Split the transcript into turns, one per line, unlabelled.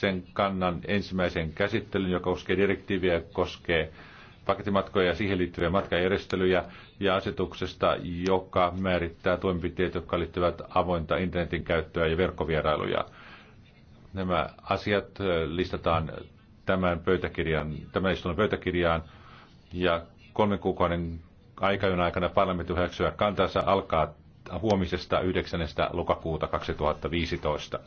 sen kannan ensimmäisen käsittelyn, joka koskee direktiiviä, koskee pakettimatkoja ja siihen liittyviä matkajärjestelyjä ja asetuksesta, joka määrittää toimenpiteet, jotka liittyvät avointa internetin käyttöä ja verkkovierailuja. Nämä asiat listataan tämän, pöytäkirjan, tämän istunnon pöytäkirjaan ja kolmen kuukauden aikajan aikana parlamentti hyväksyä kantansa alkaa huomisesta 9. lokakuuta 2015.